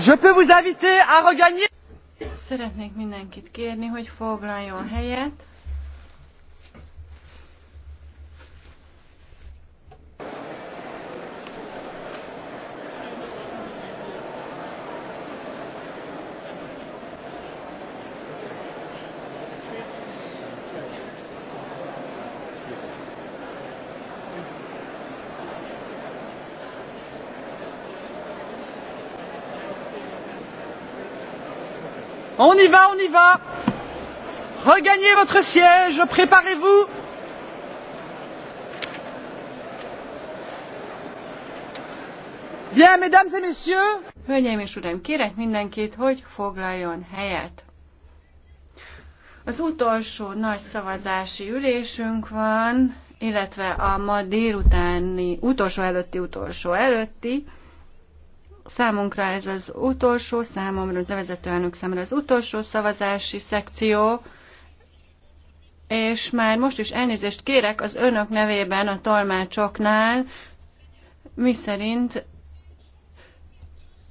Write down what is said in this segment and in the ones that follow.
Je peux vous inviter à regagner. Szeretnék mindenkit kérni, hogy foglaljon helyet. On y va, on y va. Regagnez votre siège, préparez-vous. Bien, mesdames et messieurs. Hölgyeim és uraim, kérek mindenkit, hogy foglaljon helyet. Az utolsó nagy szavazási ülésünk van, illetve a ma délutáni, utolsó előtti, utolsó előtti, Számunkra ez az utolsó, számomra, a vezető elnök számára az utolsó szavazási szekció, és már most is elnézést kérek az önök nevében a tolmácsoknál, mi szerint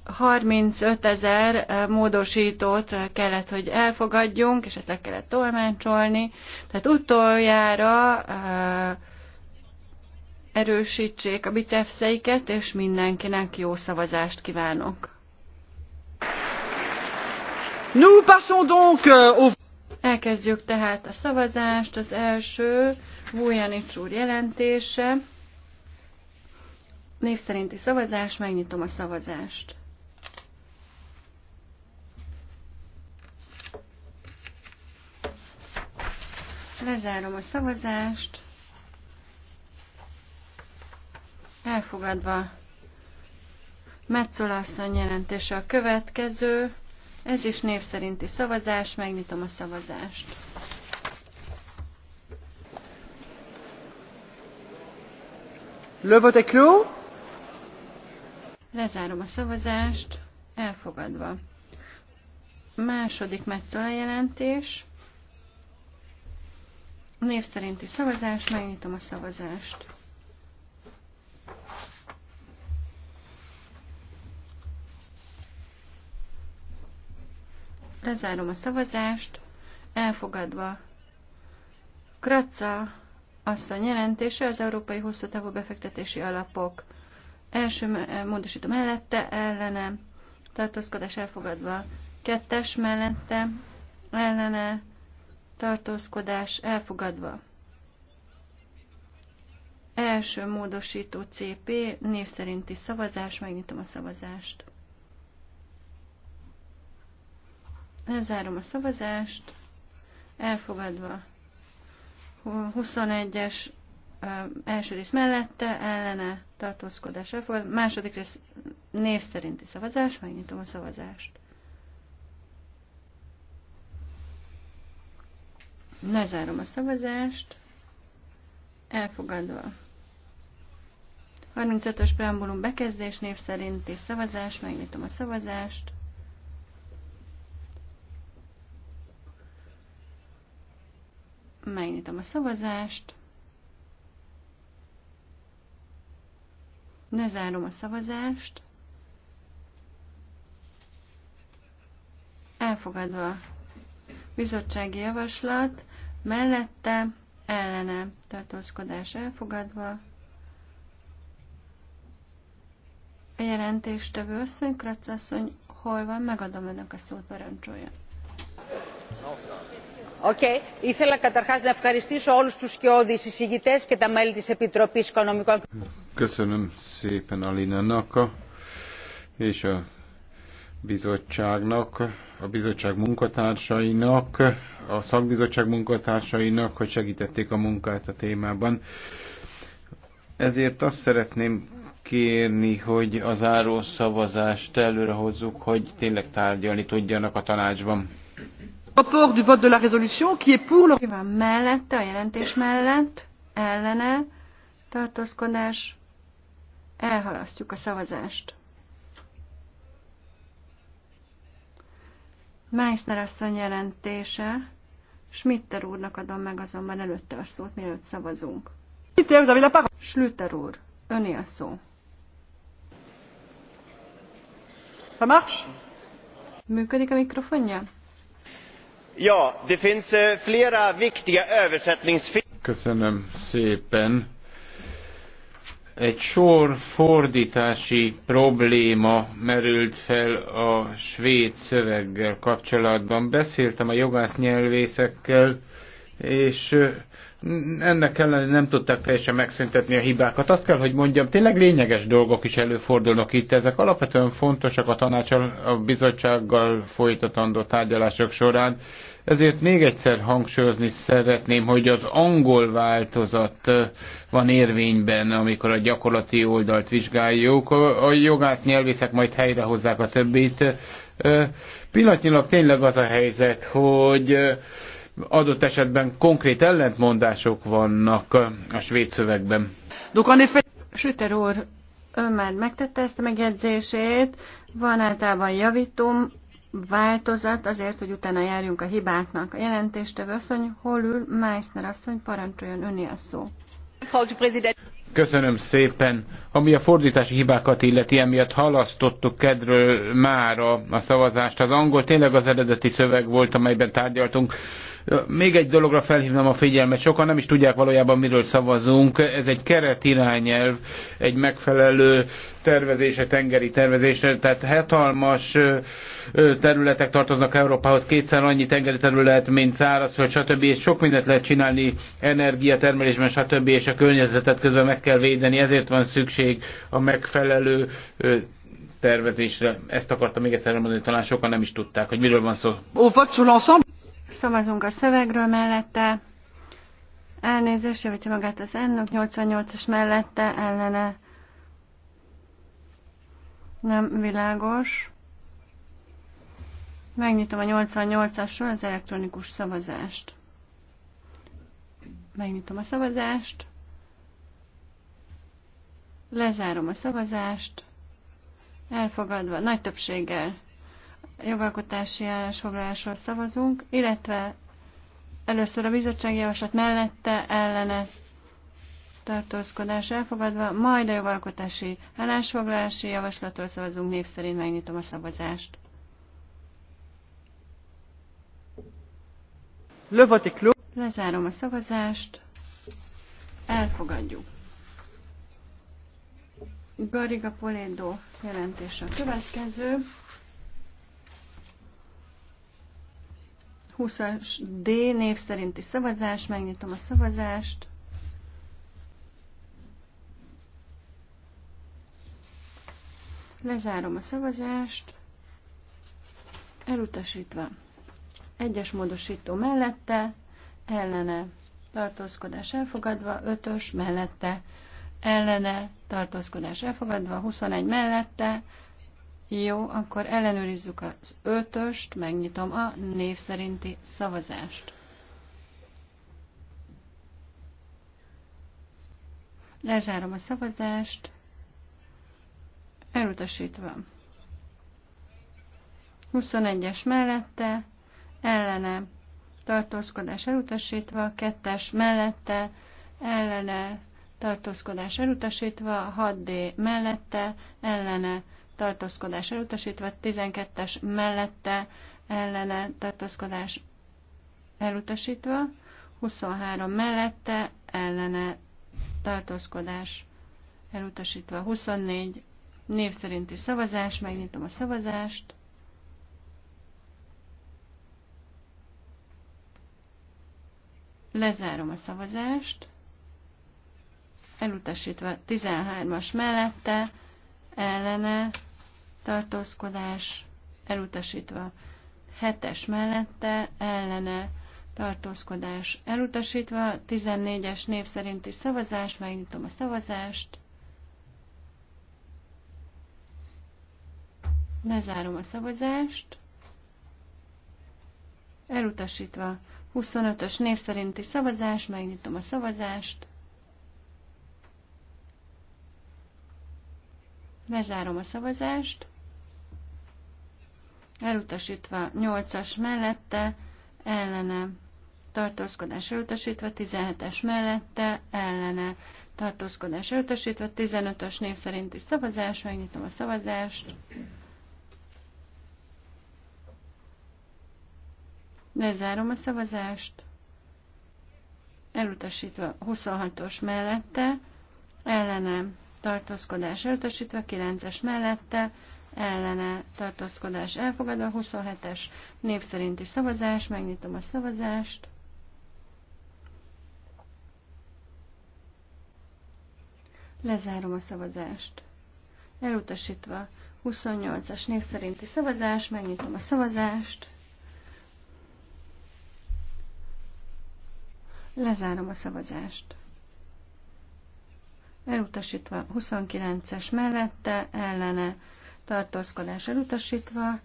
35 ezer eh, módosítót eh, kellett, hogy elfogadjunk, és ezt le kellett tolmácsolni. Tehát utoljára eh, erősítsék a bicepszeiket, és mindenkinek jó szavazást kívánok. Nous passons donc euh, au... Elkezdjük tehát a szavazást. Az első Vujanics úr jelentése. Név szerinti szavazás, megnyitom a szavazást. Lezárom a szavazást. Elfogadva. Metzola asszony jelentése a következő. Ez is név szerinti szavazás. Megnyitom a szavazást. Le vote est clos. Lezárom a szavazást. Elfogadva. Második Metzola jelentés. Név szerinti szavazás. Megnyitom a szavazást. Lezárom a szavazást. Elfogadva. Kratza asszony jelentése az Európai Hosszú Távú Befektetési Alapok. Első eh, módosító mellette, ellene, tartózkodás elfogadva. Kettes mellette, ellene, tartózkodás elfogadva. Első módosító CP, név szerinti szavazás, megnyitom a szavazást. Lezárom a szavazást. Elfogadva. 21-es első rész mellette, ellene tartózkodás elfogad. Második rész név szerinti szavazás. Megnyitom a szavazást. Lezárom a szavazást. Elfogadva. 35-ös preambulum bekezdés név szerinti szavazás. Megnyitom a szavazást. megnyitom a szavazást, lezárom a szavazást, elfogadva a bizottsági javaslat, mellette ellene tartózkodás elfogadva, a jelentéstevő asszony, Kratz asszony, hol van, megadom önök a szót, parancsoljon. Okay. Ήθελα καταρχάς να ευχαριστήσω όλους τους σκιώδεις εισηγητές και τα μέλη της Επιτροπής Οικονομικών. Köszönöm szépen Alinának és a bizottságnak, a bizottság munkatársainak, a szakbizottság munkatársainak, hogy segítették a munkát a témában. Ezért azt szeretném kérni, hogy az áró szavazást előre hozzuk, hogy tényleg tárgyalni tudjanak a tanácsban. Rapport du vote de la résolution, qui est pour... Ki mellette, a jelentés mellett, ellene, tartózkodás, elhalasztjuk a szavazást. Meissner asszony jelentése, Schmitter úrnak adom meg azonban előtte a szót, mielőtt szavazunk. Schlüter úr, öné a szó. Ça marche? Működik a mikrofonja? det finns eh, flera viktiga översättningsfel. Köszönöm szépen. Egy sor fordítási probléma merült fel a svéd szöveggel kapcsolatban. Beszéltem a jogász nyelvészekkel, és eh, ennek ellenére nem tudták teljesen megszüntetni a hibákat. Azt kell, hogy mondjam, tényleg lényeges dolgok is előfordulnak itt. Ezek alapvetően fontosak a tanácsal, a bizottsággal folytatandó tárgyalások során, ezért még egyszer hangsúlyozni szeretném, hogy az angol változat eh, van érvényben, amikor a gyakorlati oldalt vizsgáljuk. A jogász nyelvészek majd helyrehozzák a többit. Eh, pillanatnyilag tényleg az a helyzet, hogy eh, adott esetben konkrét ellentmondások vannak a svéd szövegben. Süter úr, ön már megtette ezt a megjegyzését, van általában javítom változat, azért, hogy utána járjunk a hibáknak. A jelentéstevő asszony, hol ül Meissner asszony, parancsoljon önni a szó. Köszönöm szépen. Ami a fordítási hibákat illeti, emiatt halasztottuk kedről már a szavazást. Az angol tényleg az eredeti szöveg volt, amelyben tárgyaltunk. Még egy dologra felhívnám a figyelmet, sokan nem is tudják valójában miről szavazunk. Ez egy keretirányelv, egy megfelelő tervezése, tengeri tervezése, tehát hatalmas területek tartoznak Európához, kétszer annyi tengeri terület, mint szárazföld, stb. És sok mindent lehet csinálni energiatermelésben, stb. és a környezetet közben meg kell védeni, ezért van szükség a megfelelő tervezésre. Ezt akartam még egyszer mondani, talán sokan nem is tudták, hogy miről van szó. Au vote sur l'ensemble Szavazunk a szövegről mellette. Elnézést, javítja magát az ennök 88-as mellette ellene nem világos. Megnyitom a 88-asról az elektronikus szavazást. Megnyitom a szavazást. Lezárom a szavazást. Elfogadva, nagy többséggel jogalkotási állásfoglalásról szavazunk, illetve először a bizottsági javaslat mellette ellene tartózkodás elfogadva, majd a jogalkotási állásfoglalási javaslatról szavazunk, név szerint megnyitom a szavazást. Lezárom a szavazást. Elfogadjuk. Gariga Polédó jelentése a következő. 20-as D név szerinti szavazás, megnyitom a szavazást. Lezárom a szavazást. Elutasítva. Egyes módosító mellette, ellene, tartózkodás elfogadva, ötös mellette, ellene, tartózkodás elfogadva, 21 mellette, jó, akkor ellenőrizzük az ötöst, megnyitom a név szerinti szavazást. Lezárom a szavazást. Elutasítva. 21-es mellette, ellene, tartózkodás elutasítva, 2-es mellette, ellene, tartózkodás elutasítva, 6D mellette, ellene, tartózkodás elutasítva, 12-es mellette ellene tartózkodás elutasítva, 23 mellette ellene tartózkodás elutasítva, 24 név szerinti szavazás, megnyitom a szavazást. Lezárom a szavazást, elutasítva 13-as mellette, ellene, tartózkodás elutasítva. Hetes mellette ellene tartózkodás elutasítva. 14-es név szerinti szavazás, megnyitom a szavazást. Lezárom a szavazást. Elutasítva. 25-ös név szerinti szavazás, megnyitom a szavazást. Lezárom a szavazást. Elutasítva 8-as mellette, ellene tartózkodás elutasítva, 17-es mellette, ellene tartózkodás elutasítva, 15-ös név szerinti szavazás, megnyitom a szavazást. Lezárom a szavazást. Elutasítva 26-os mellette, ellenem tartózkodás elutasítva, 9-es mellette, ellene tartózkodás elfogadva, 27-es név szerinti szavazás, megnyitom a szavazást. Lezárom a szavazást. Elutasítva 28-as név szerinti szavazás, megnyitom a szavazást. Lezárom a szavazást elutasítva 29-es mellette, ellene tartózkodás elutasítva,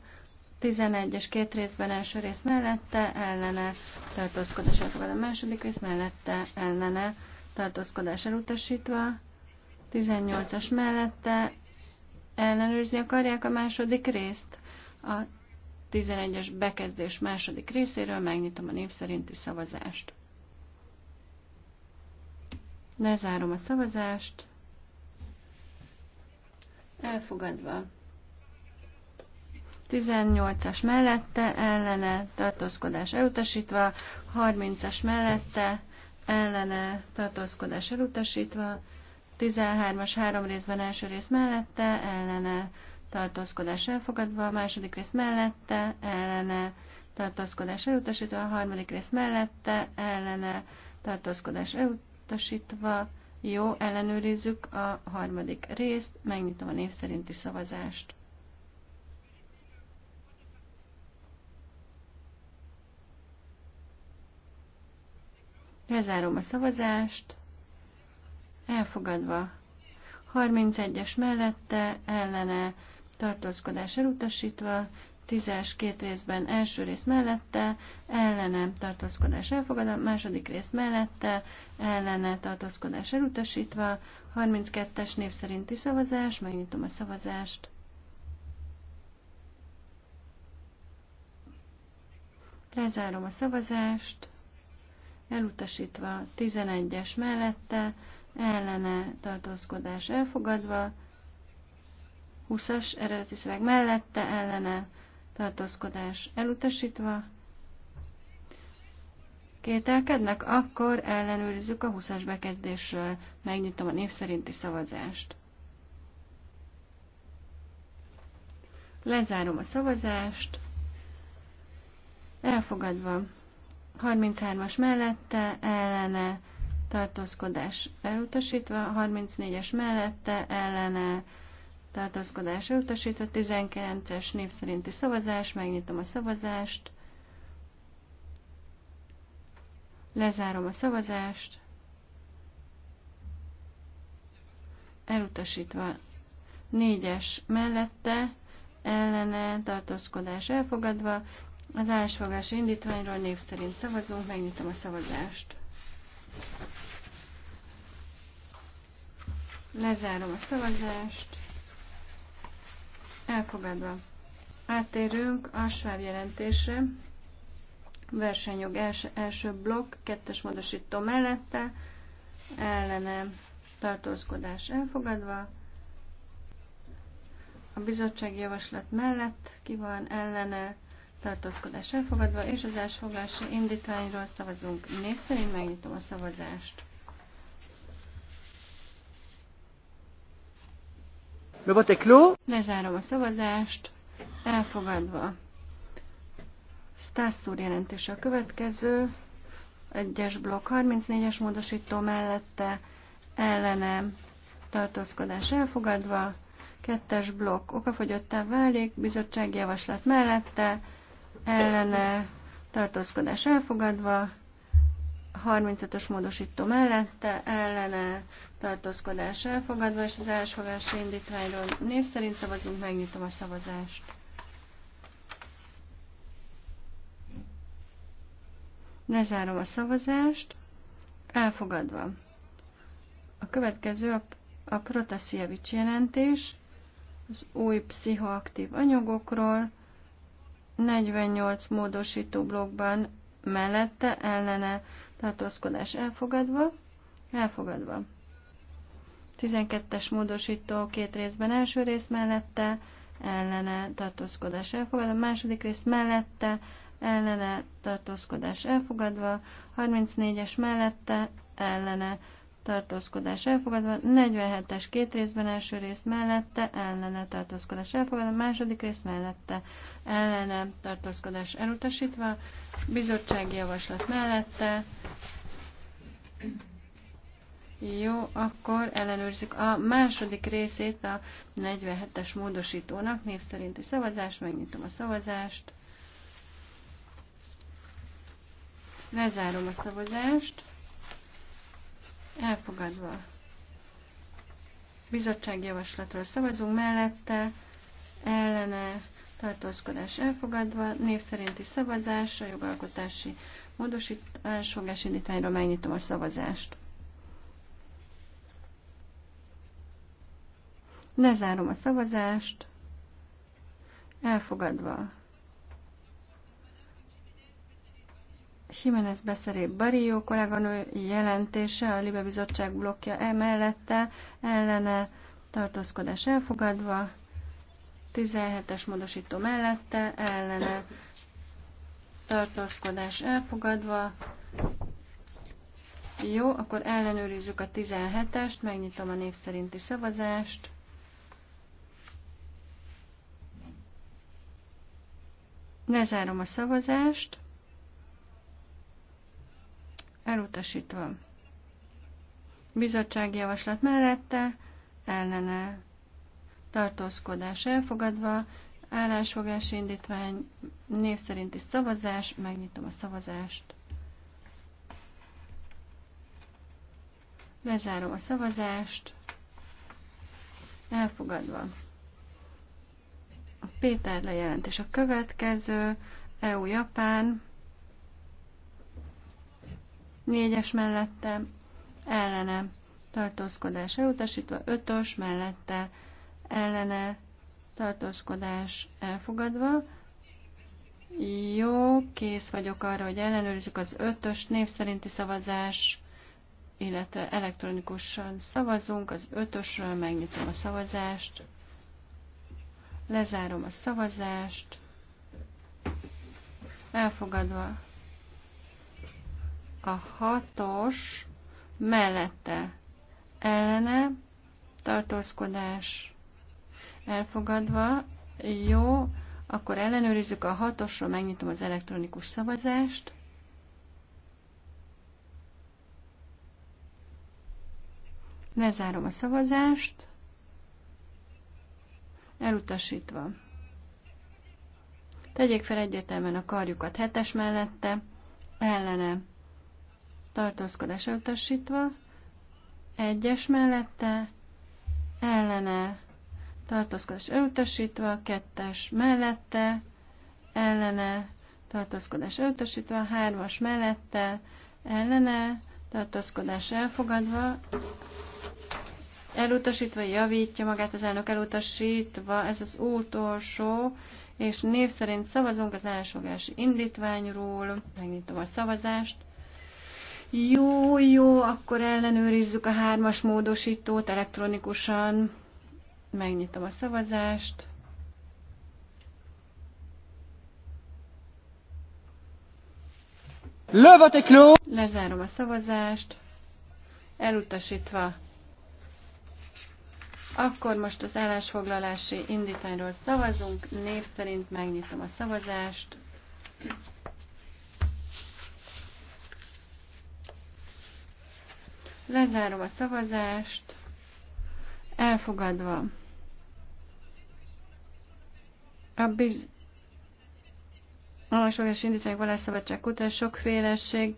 11-es két részben első rész mellette, ellene tartózkodás elutasítva, a második rész mellette, ellene tartózkodás elutasítva, 18-as mellette ellenőrzni akarják a második részt. A 11-es bekezdés második részéről megnyitom a név szerinti szavazást. Lezárom a szavazást. Elfogadva. 18-as mellette, ellene, tartózkodás elutasítva, 30-as mellette, ellene, tartózkodás elutasítva, 13-as három részben első rész mellette, ellene, tartózkodás elfogadva, a második rész mellette, ellene, tartózkodás elutasítva, a harmadik rész mellette, ellene, tartózkodás elutasítva, elutasítva. Jó, ellenőrizzük a harmadik részt, megnyitom a név szerinti szavazást. Lezárom a szavazást. Elfogadva. 31-es mellette, ellene, tartózkodás elutasítva, Tízes két részben első rész mellette, ellene tartózkodás elfogadva, második rész mellette, ellene tartózkodás elutasítva, 32-es név szerinti szavazás, megnyitom a szavazást. Lezárom a szavazást, elutasítva 11-es mellette, ellene tartózkodás elfogadva, 20-as eredeti szöveg mellette, ellene tartózkodás elutasítva. Kételkednek, akkor ellenőrizzük a 20-as bekezdésről. Megnyitom a név szerinti szavazást. Lezárom a szavazást. Elfogadva. 33-as mellette, ellene, tartózkodás elutasítva, 34-es mellette, ellene, tartózkodás utasítva, 19-es név szerinti szavazás, megnyitom a szavazást, lezárom a szavazást, elutasítva, 4-es mellette, ellene, tartózkodás elfogadva, az állásfogás indítványról név szerint szavazunk, megnyitom a szavazást. Lezárom a szavazást. Elfogadva. Áttérünk a sváv jelentésre. Versenyjog első, első blokk, kettes módosító mellette, ellene tartózkodás elfogadva. A bizottsági javaslat mellett ki van ellene tartózkodás elfogadva, és az elsfoglási indítványról szavazunk. Név szerint megnyitom a szavazást. Le vote est clos. Lezárom a szavazást. Elfogadva. Stász úr jelentése a következő. Egyes blokk 34-es módosító mellette ellenem tartózkodás elfogadva. Kettes blokk okafogyottá válik, bizottsági javaslat mellette ellene tartózkodás elfogadva 35-ös módosító mellette ellene tartózkodás elfogadva, és az elsfogási indítványról név szerint szavazunk, megnyitom a szavazást. Lezárom a szavazást. Elfogadva. A következő a, a Protasievics jelentés az új pszichoaktív anyagokról. 48 módosító blogban mellette ellene tartózkodás elfogadva, elfogadva. 12-es módosító két részben első rész mellette, ellene tartózkodás elfogadva, második rész mellette, ellene tartózkodás elfogadva, 34-es mellette, ellene tartózkodás elfogadva, 47-es két részben első rész mellette, ellene tartózkodás elfogadva, második rész mellette, ellene tartózkodás elutasítva, bizottsági javaslat mellette. Jó, akkor ellenőrzik a második részét a 47-es módosítónak, név szerinti szavazás, megnyitom a szavazást. Lezárom a szavazást. Elfogadva. Bizottságjavaslatról szavazunk mellette, ellene, tartózkodás elfogadva, név szerinti szavazás, a jogalkotási módosítás, indítványról megnyitom a szavazást. Lezárom a szavazást, elfogadva. Jiménez Beszeré Barió kolléganő jelentése, a Libe Bizottság blokja emellette, ellene tartózkodás elfogadva, 17-es módosító mellette, ellene tartózkodás elfogadva. Jó, akkor ellenőrizzük a 17-est, megnyitom a név szerinti szavazást. Lezárom a szavazást elutasítva. Bizottsági javaslat mellette, ellene, tartózkodás elfogadva, állásfogási indítvány, név szerinti szavazás, megnyitom a szavazást. Lezárom a szavazást. Elfogadva. A Péter lejelentés a következő. EU-Japán négyes mellette ellene tartózkodás elutasítva, ötös mellette ellene tartózkodás elfogadva. Jó, kész vagyok arra, hogy ellenőrizzük az ötös név szerinti szavazás, illetve elektronikusan szavazunk. Az ötösről megnyitom a szavazást, lezárom a szavazást, elfogadva a hatos mellette ellene tartózkodás elfogadva. Jó, akkor ellenőrizzük a hatosról, megnyitom az elektronikus szavazást. Lezárom a szavazást. Elutasítva. Tegyék fel egyértelműen a karjukat hetes mellette, ellene tartózkodás utasítva, egyes mellette, ellene, tartózkodás elutasítva, kettes mellette, ellene, tartózkodás elutasítva, hármas mellette, ellene, tartózkodás elfogadva, elutasítva, javítja magát az elnök elutasítva, ez az utolsó, és név szerint szavazunk az állásfogási indítványról, megnyitom a szavazást, jó, jó, akkor ellenőrizzük a hármas módosítót elektronikusan. Megnyitom a szavazást. Lövetekló! Lezárom a szavazást. Elutasítva. Akkor most az állásfoglalási indítányról szavazunk. Név szerint megnyitom a szavazást. Lezárom a szavazást. Elfogadva. A biz... Almasogás indítvány valásszabadság után sokféleség,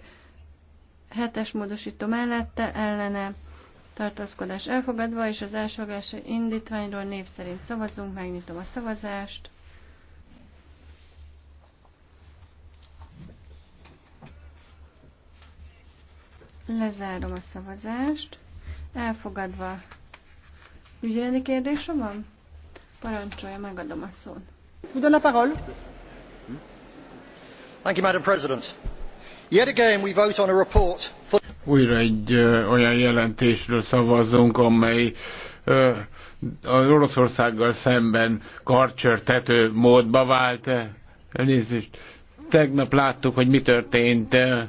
hetes módosító mellette, ellene tartózkodás elfogadva, és az elsőgási indítványról név szerint szavazunk, megnyitom a szavazást. Lezárom a szavazást. Elfogadva. Ügyrendi kérdése van? Parancsolja, megadom a szót. Fudon a parol. Thank you, Madam President. Yet again we vote on a report for... Újra egy ö, olyan jelentésről szavazunk, amely ö, az Oroszországgal szemben tető módba vált. Elnézést. Tegnap láttuk, hogy mi történt. Ö,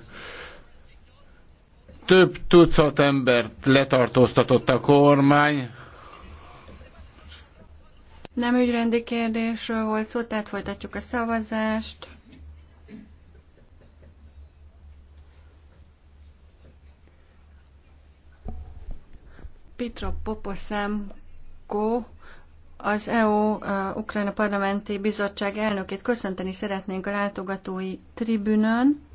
több tucat embert letartóztatott a kormány. Nem ügyrendi kérdésről volt szó, tehát folytatjuk a szavazást. Pitro Poposzemko, az EU uh, Ukrajna Parlamenti Bizottság elnökét köszönteni szeretnénk a látogatói tribünön.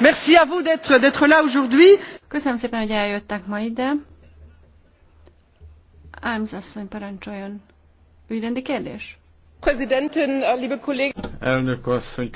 Merci à vous d'être d'être là aujourd'hui. Köszönöm szépen, hogy eljöttek ma ide. Ámz asszony, parancsoljon. Ügyrendi kérdés? Elnök asszony,